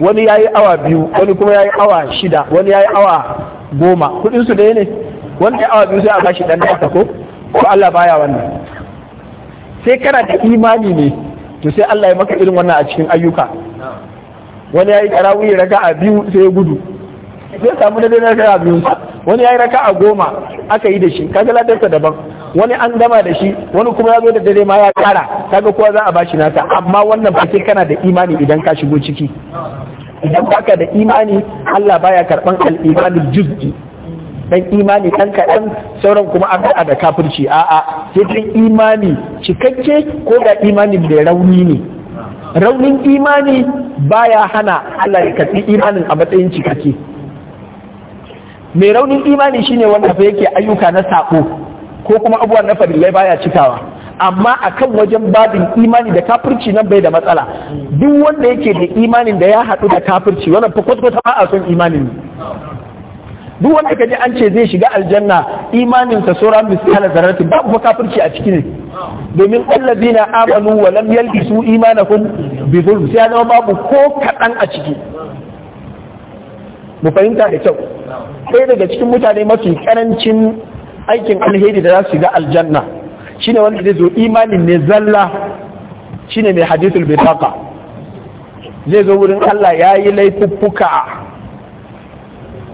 wani yayi awa biyu wani kuma yayi awa shida wani yayi awa goma kudin su ne yi awa biyu sai a bashi dan da ko ko Allah baya wannan sai kana da imani ne to sai Allah ya maka irin wannan a cikin ayyuka wani yayi tarawih raka'a biyu sai ya gudu sai samu da dai raka'a biyu wani yayi raka'a goma aka yi da shi kaga ladarsa daban wani an dama da shi wani kuma ya zo da dare ma ya kara kaga kowa za a shi nata amma wannan fa sai kana da imani idan ka shigo ciki idan baka da imani Allah baya karban al-imanul juz'i dan imani dan kaɗan sauran kuma an da da kafirci a'a sai dan imani cikakke ko da imani da rauni ne raunin imani baya hana Allah ya karɓi imanin a matsayin cikakke mai raunin imani shine wanda fa yake ayyuka na sako ko kuma abubuwan na farillai baya cikawa amma a kan wajen babin imani da kafirci nan bai da matsala duk wanda yake da imanin da ya haɗu da kafirci wannan fa kwata ba a son imanin duk wanda ka ji an ce zai shiga aljanna imanin sa sura misala zarratin babu fa kafirci a cikin ne domin allazina amanu wa lam yalbisu imanahum bi zulm sai zama babu ko kaɗan a ciki mu fahimta da kyau sai daga cikin mutane mafi ƙarancin. aikin alheri da za su shiga aljanna shi ne wanda zai zo imanin ne zalla shi ne mai hadithul bitaka zai zo wurin Allah ya yi laifuffuka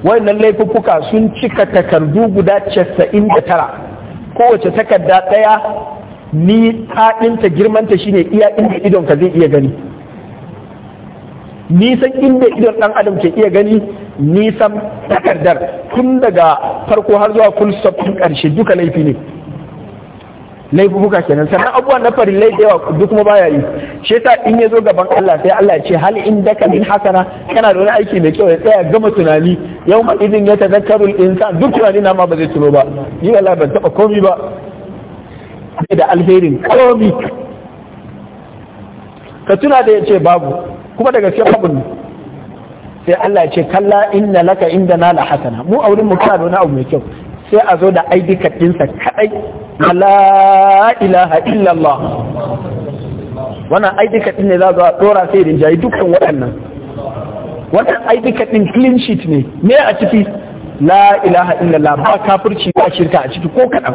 wannan laifuffuka sun cika takardu guda da tara. kowace takarda ɗaya ni haɗinta girmanta shine iya inda idonka zai iya gani nisan inda idon dan adam ke iya gani nisan takardar tun daga farko har zuwa full stop tun ƙarshe duka laifi ne buka kenan sannan abubuwan na farin laifi yawa duk kuma baya yi shi yasa in ya zo gaban Allah sai Allah ya ce hal in daka min hasana kana da wani aiki mai kyau ya tsaya gama tunani yau ma idin ya tazakkaru insan duk tunani na ma ba zai tuno ba ni Allah ban taba komi ba sai da alherin komi ka tuna da ya ce babu kuma daga cikin babu sai Allah ya ce kalla inna laka inda na la hasana mu a wurin mu kana wani abu mai kyau sai a zo da ID card dinsa kadai la ilaha illallah wannan ID card ne za a dora sai jayi dukkan waɗannan wannan ID card din clean sheet ne me a ciki la ilaha illallah ba kafirci ba shirka a ciki ko kaɗan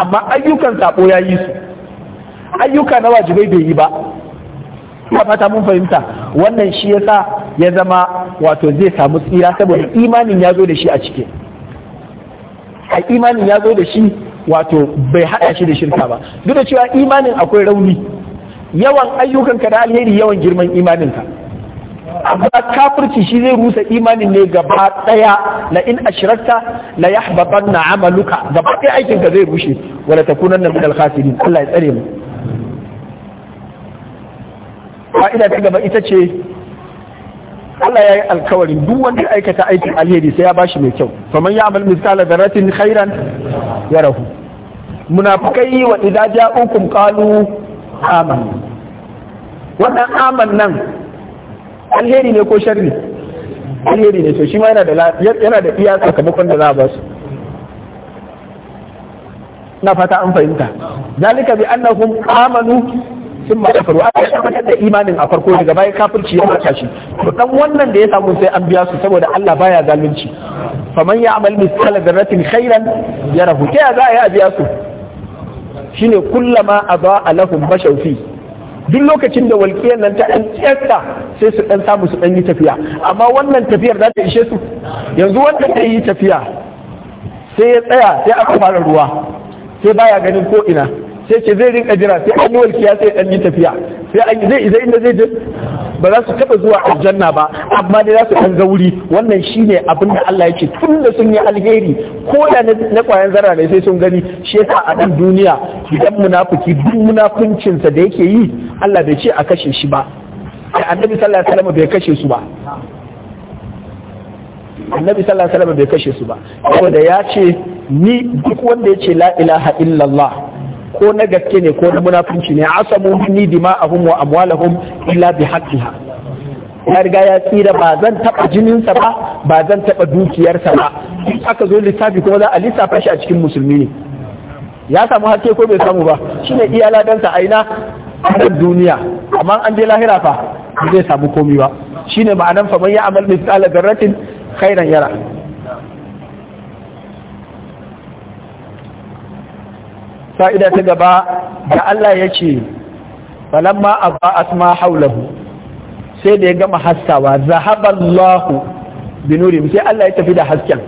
amma ayyukan sabo ya yi su ayyuka na wajibai bai yi ba ina fata mun fahimta wannan shi ya sa ya zama wato zai samu tsira saboda imanin ya zo da shi a ciki a imanin ya zo da shi wato bai haɗa shi da shirka ba duk da cewa imanin akwai rauni yawan ayyukan ka da alheri yawan girman imaninka amma kafirci shi zai rusa imanin ne gaba daya la in ashrakta la yahbatanna amaluka gaba daya aikinka zai rushe wala takunanna min al Allah ya tsare mu fa'ida ta gaba ita ce Allah ya yi alkawarin duk wanda ya aikata aikin alheri sai ya bashi mai kyau faman ya amal misala daratin khairan ya rahu wa idza ja'ukum qalu amanna wannan aman nan alheri ne ko sharri alheri ne to shi ma yana da yana da iya sakamakon da za a ba su na fata an fahimta zalika bi annahum amanu sun makafaru aka tabbatar da imanin a farko daga bayan kafirci ya mata shi to dan wannan da ya samu sai an biya su saboda Allah baya zalunci faman ya amal misal zarratin khairan yarahu ta za a yi a biya su shine kullama adaa lahum bashaw fi duk lokacin da walƙiyar nan ta ɗan tsiyarta sai su ɗan samu su ɗan yi tafiya amma wannan tafiyar za ta ishe su yanzu wanda ta yi tafiya sai ya tsaya sai aka fara ruwa sai baya ganin ko ina sai ce zai rinka jira sai an yi walkiya sai dan yi tafiya sai an zai zai inda zai je ba za su taba zuwa aljanna ba amma dai za su ɗan ga wannan wannan shine abin da Allah yake tun da sun yi alheri ko da na kwayan zarra ne sai sun gani shi yasa a dan duniya idan munafiki duk munafincin sa da yake yi Allah bai ce a kashe shi ba annabi sallallahu alaihi wasallam bai kashe su ba annabi sallallahu alaihi wasallam bai kashe su ba saboda ya ce ni duk wanda ya ce la ilaha illallah ko na gaske ne ko na munafunci ne asamu minni a wa amwalahum illa bi haqqiha ya riga ya tsira ba zan taba jininsa ba ba zan taba dukiyarsa ba aka zo lissafi kuma za a lissafa shi a cikin musulmi ne ya samu haske ko bai samu ba shine iya ladansa aina a duniya amma an je lahira fa zai samu komi ba shine ma'anan man ya amal misqala zarratin khairan yara fa'ida ta gaba da Allah ya ce falamma a asma haulahu sai da ya gama haskawa zahaballahu binurim sai Allah ya tafi da hasken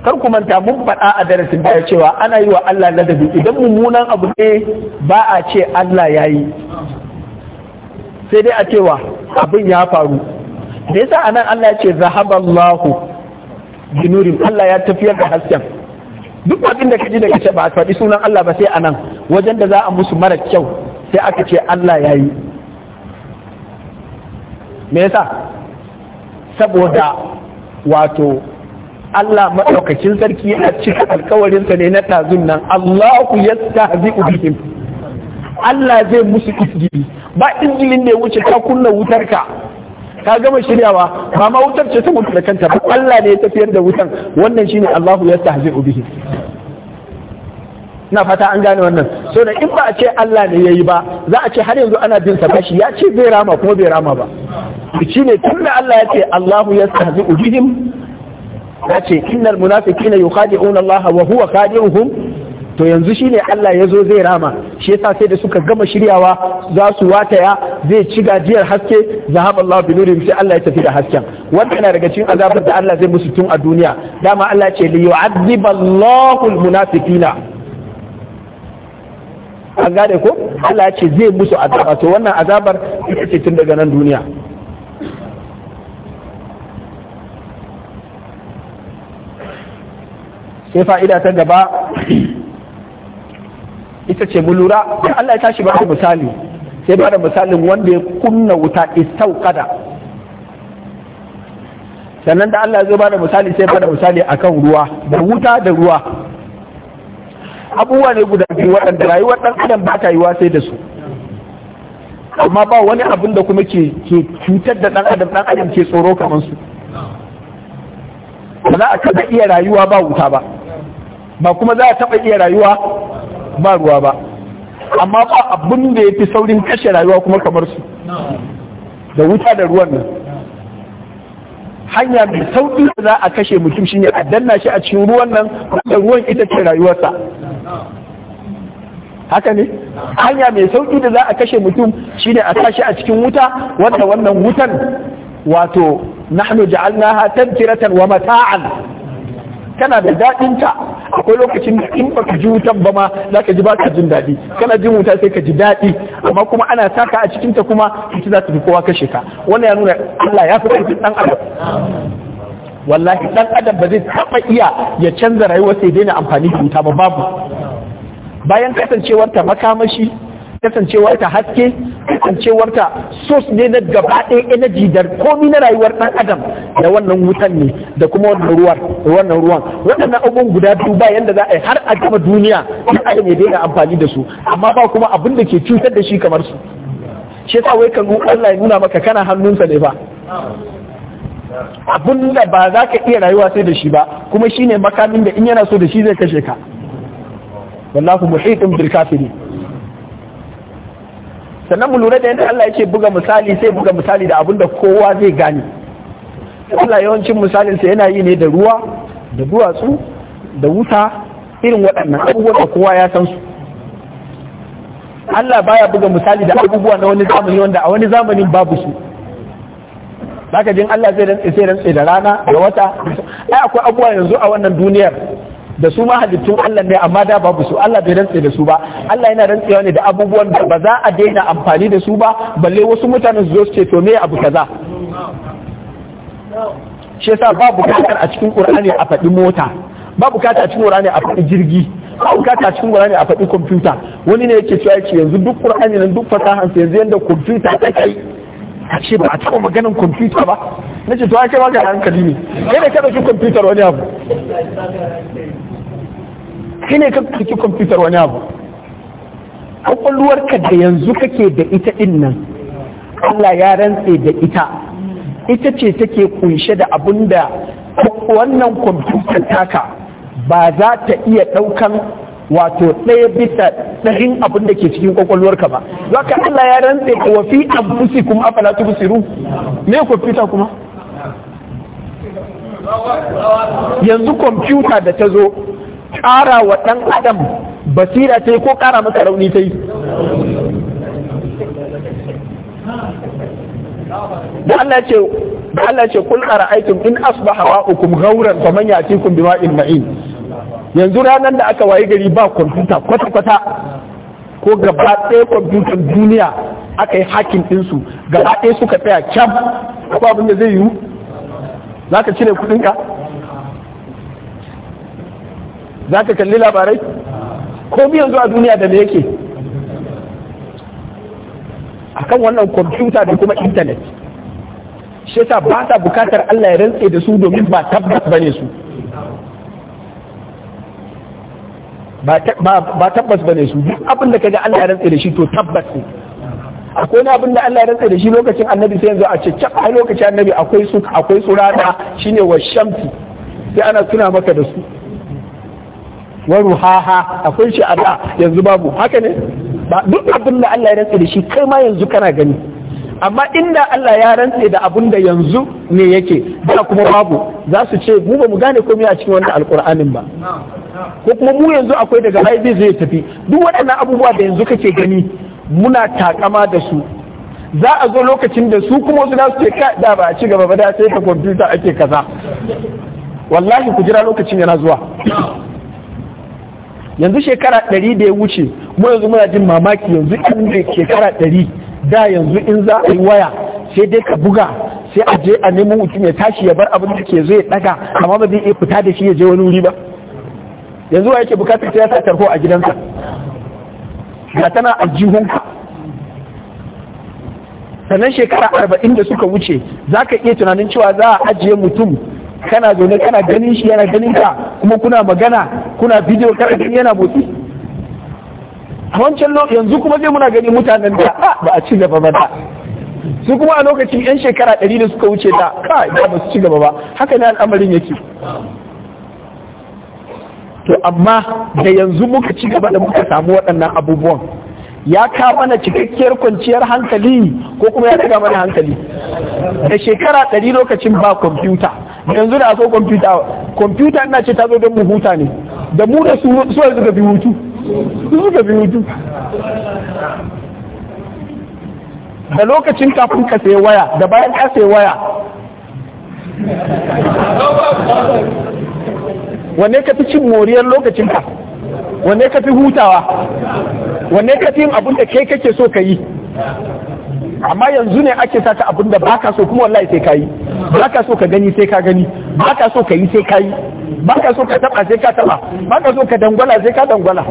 kar ku manta mun faɗa a darasin baya cewa ana yi wa Allah ladabi idan mummunan abu ne ba a ce Allah ya yi sai dai a cewa abin ya faru da yasa anan Allah ya ce zahaballahu binurim Allah ya tafiyar da hasken duk waɗin da ka ji daga ce ba a faɗi sunan Allah ba sai a nan wajen da za a musu mara kyau sai aka ce Allah ya yi me yasa saboda wato Allah maɗaukacin sarki yana cika alkawarinsa ne na tazun nan Allahu yastahzi'u bihim Allah zai musu izgili ba izgilin da ya wuce ta kunna wutarka ka gama shiryawa ba ma wutar ce ta mutu da kanta ba Allah ne ya tafiyar da wutan wannan shine Allahu yastahzi'u bihi na fata an gane wannan so da in ba a ce Allah ne yayi ba za a ce har yanzu ana bin sa bashi ya ce bai rama kuma bai rama ba tun tunda Allah ya ce Allahu yastahzi'u bihim ya ce innal munafiqina yukhadi'una Allah wa huwa khadi'uhum to yanzu shine Allah ya zo zai rama shi yasa sai da suka gama shiryawa za su wataya zai ci gajiyar haske Allah bi nurihim sai Allah ya tafi da hasken wannan na daga cikin azabar da Allah zai musu tun a duniya dama Allah ce li yu'adhiballahu almunafiqina an gane ko Allah ya ce zai musu azaba to wannan azabar ita ce tun daga nan duniya sai fa'ida ta gaba ita ce mu lura Allah ya tashi ba da misali sai ba da misalin wanda ya kunna wuta kada sannan da Allah zai ba da misali sai ba da misali akan ruwa da wuta da ruwa abubuwa ne guda biyu waɗanda rayuwar ɗan adam ba ta yiwa sai da su amma ba wani abin da kuma ke cutar da ɗan adam ɗan adam ke tsoro kamar su ba za a taɓa iya rayuwa ba wuta ba ba kuma za a taɓa iya rayuwa ba ruwa ba amma ba abin da ya fi saurin kashe rayuwa kuma kamar su da wuta da ruwan nan hanya mai sauƙi da za a kashe mutum shi ne a danna shi a cikin ruwan nan da ruwan ita ce rayuwarsa haka ne hanya mai sauƙi da za a kashe mutum shi ne a tashi a cikin wuta wanda wannan wutan wato nahnu ja'alnaha tantiratan wa mata'an Kana da daɗin ta akwai lokacin da in baka ji wutan ba ma za ka ji baka jin daɗi kana jin wuta sai ka ji daɗi amma kuma ana saka a cikin ta kuma ita za ta fi kowa kashe ka wannan ya nuna Allah ya fi ƙarfin ɗan adam wallahi ɗan adam ba zai taɓa iya ya canza rayuwar sai daina amfani da wuta ba babu bayan kasancewar ta makamashi Kasancewarta haske kasancewarta ta source ne na gaba ɗaya energy da komi na rayuwar ɗan adam da wannan wutan ne da kuma wannan ruwan wannan ruwan waɗannan abubuwan guda biyu ba yanda za a yi har a gama duniya ɗan adam ne daina amfani da su amma ba kuma abin da ke cutar da shi kamar su shi yasa wai kan Allah ya nuna maka kana hannunsa ne ba abin da ba za ka iya rayuwa sai da shi ba kuma shine makamin da in yana so da shi zai kashe ka wallahu muhitun bil kafirin sannan mu lura da yadda Allah yake buga misali sai buga misali da abin da kowa zai gane Allah yawancin misalin sa yana yi ne da ruwa da duwatsu da wuta irin waɗannan abubuwan da kowa ya san su Allah baya buga misali da abubuwa na wani zamani wanda a wani zamanin babu su zaka jin Allah zai rantse sai da rana da wata ai akwai abubuwa yanzu a wannan duniyar da su ma halittun Allah ne amma da babu su Allah bai rantse da su ba Allah yana rantsewa ne da abubuwan da ba za a daina amfani da su ba balle wasu mutanen su zo su ce to me abu kaza shi yasa ba bukatar a cikin Qur'ani a faɗi mota ba bukatar a cikin Qur'ani a faɗi jirgi ba bukatar a cikin Qur'ani a faɗi computer wani ne yake cewa yake yanzu duk Qur'ani nan duk fasahansa yanzu yanda computer take kai ashe ba a taɓa maganin kwamfuta ba na ce to ai kai maka hankali ne kai ne ka ɗauki kwamfutar wani abu kai ne ka ɗauki kwamfutar wani abu kwakwalwarka da yanzu kake da ita ɗin nan Allah ya rantse da ita ita ce take kunshe da abin da wannan kwamfutar taka ba za ta iya ɗaukan wato ɗaya bisa ɗahin abin da ke cikin kwakwalwarka ba za ka Allah ya rantse ka wa fi abusi kuma afala tu busiru me kwamfuta kuma yanzu kwamfuta da ta zo ƙara wa ɗan adam basira ta yi ko ƙara masa rauni ta yi da Allah ce da Allah ce kul aikin in asbaha wa'ukum ghawran faman ya'tikum bima'in ma'in yanzu ranar da aka wayi gari ba kwamfuta kwata-kwata ko gaba ɗaya kwamfutar duniya aka yi hakin ɗinsu gaba ɗaya suka tsaya kyam ko abin da zai yiwu za ka cire kuɗinka za ka kalli labarai ko bi yanzu a duniya da me yake akan wannan kwamfuta da kuma intanet shi ba sa bukatar Allah ya rantse da su domin ba tabbas ne su ba tabbas bane su duk abin da kaga Allah ya rantsa da shi to tabbas ne akwai na abin da Allah ya rantsa da shi lokacin annabi sai yanzu a ce a lokacin annabi akwai su akwai su rana shine wa shamti sai ana tuna maka da su wa ruhaha akwai shi ada yanzu babu haka ne ba duk abin da Allah ya rantsa da shi kai ma yanzu kana gani amma inda Allah ya rantsa da abin da yanzu ne yake da kuma babu za su ce mu ba mu gane komai a cikin wannan alkur'anin ba ko kuma mu yanzu akwai daga I_V zai tafi duk waɗannan abubuwa da yanzu kake gani muna takama da su za a zo lokacin da su kuma su su ce da ba a ci gaba ba da sai ta kwamfuta ake kaza wallahi ku jira lokacin yana zuwa yanzu shekara ɗari da ya wuce mu yanzu muna jin mamaki yanzu in shekara ɗari da yanzu in za a yi waya sai dai ka buga sai a je a neman mutum ya tashi ya bar abin da ke zo ya ɗaga amma ba zai iya fita da shi ya je wani wuri ba yanzu wa yake bukatar ta ya sa tarho a gidansa ga tana a jihunka sannan shekara arba'in da suka wuce za ka iya tunanin cewa za a ajiye mutum kana zaune kana ganin shi yana ganin ka kuma kuna magana kuna bidiyo kana gani yana motsi a wancan yanzu kuma zai muna gani mutanen da ah, ba a ci gaba ba da su kuma a lokacin yan shekara ɗari da suka wuce da ka ba su ci gaba ba haka ne al'amarin yake to amma da yanzu muka ci gaba da muka samu waɗannan abubuwan ya ka mana cikakkiyar kwanciyar hankali ko kuma ya daga mana hankali da shekara ɗari lokacin ba kwamfuta yanzu da aka kwamfuta kwamfuta ina ce ta zo don mu huta ne da mu da su suwa suka ga hutu suka bi hutu da lokacin kafin ka sayi waya da bayan ka sayi waya wanne ka fi cin moriyar lokacinka wanne ka fi hutawa wanne ka fi yin abin da kai kake so ka yi amma yanzu ne ake saka abin da baka so kuma wallahi sai ka yi baka so ka gani sai ka gani baka so ka yi sai ka yi baka so ka taba sai ka taba baka so ka dangwala sai ka dangwala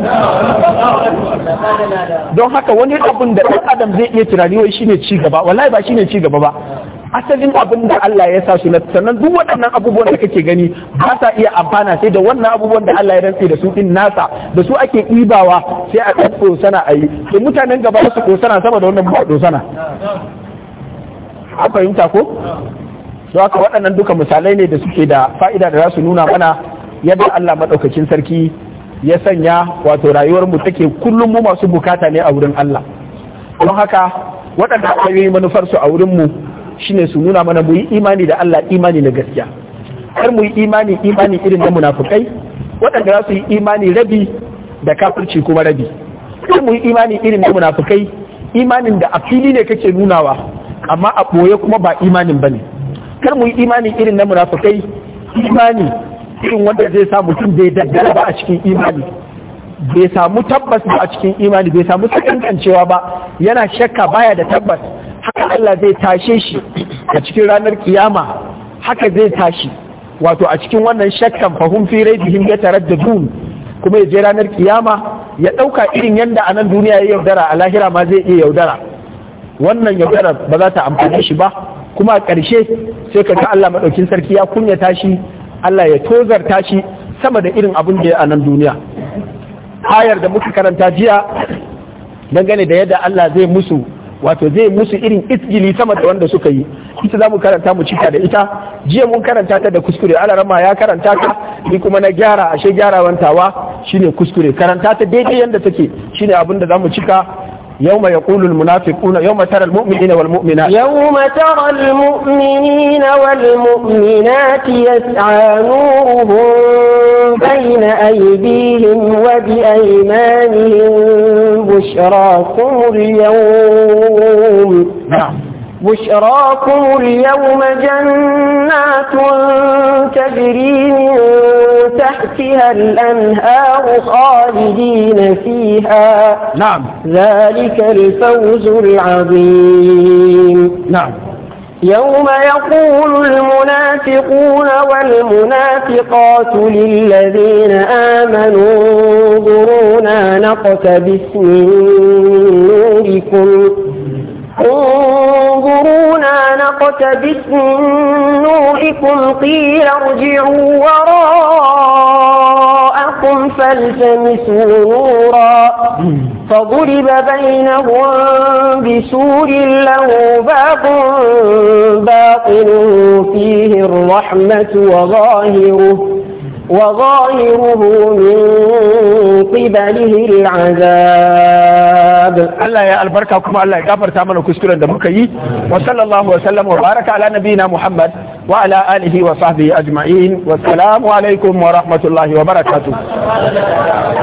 don haka wani abin da ɗan adam zai iya tunani wai shine ci gaba wallahi ba shine ci gaba ba asalin abin da Allah ya sa su na sannan duk waɗannan abubuwan da kake gani ba sa iya amfana sai da wannan abubuwan da Allah ya rantse da su din nasa da su ake i'bawa sai a ɗan sana a yi to mutanen gaba su ɗosana sama da wannan ba sana a fahimta ko to haka waɗannan duka misalai ne da suke da fa'ida da za su nuna mana yadda Allah maɗaukakin sarki ya sanya wato rayuwar mu take kullum mu masu bukata ne a wurin Allah don haka waɗanda aka yi manufar a wurin mu ne su nuna mana mu yi imani da Allah imani na gaskiya kar mu yi imani imani irin na munafukai waɗanda za su yi imani rabi da kafirci kuma rabi kar mu yi imani irin na munafukai imanin da a fili ne kake nunawa amma a ɓoye kuma ba imanin bane kar mu yi imani irin na munafukai imani irin wanda zai sa mutum bai daddara ba a cikin imani bai samu tabbas ba a cikin imani bai samu sakankancewa ba yana shakka baya da tabbas haka Allah zai tashe shi a cikin ranar kiyama haka zai tashi wato a cikin wannan shakkan fahim fi raibihim ya taraddadun kuma ya je ranar kiyama ya ɗauka irin yadda a nan duniya ya yaudara a lahira ma zai iya yaudara wannan yaudara ba za ta amfani shi ba kuma a ƙarshe sai ka ga Allah maɗaukin sarki ya kunya tashi Allah ya tozar tashi sama da irin abin da ya a nan duniya Hayar da muka karanta jiya dangane da yadda Allah zai musu wato zai musu irin isgili sama da wanda suka yi ita za mu karanta mu cika da ita jiya mun karanta ta da kuskure alarama ya karanta ta ni kuma na gyara ashe gyara wantawa shine kuskure karanta ta daidai yanda take shine abin da za mu cika يوم يقول المنافقون يوم ترى المؤمنين والمؤمنات يوم ترى المؤمنين والمؤمنات يسعى نورهم بين أيديهم وبأيمانهم بشراكم اليوم نعم بشراكم اليوم جنات تجري من تحتها الأنهار خالدين فيها نعم ذلك الفوز العظيم نعم يوم يقول المنافقون والمنافقات للذين آمنوا انظرونا نقتبس من نوركم انظرونا نقتبس من نوركم قيل ارجعوا وراءكم فالتمسوا نورا فضرب بينهم بسور له باب باطن فيه الرحمة وظاهره وظاهره من قبله العذاب الله يا البركة وكما الله يغفر تعمل كسكرا دمكي وصلى الله وسلم وبارك على نبينا محمد وعلى آله وصحبه أجمعين والسلام عليكم ورحمة الله وبركاته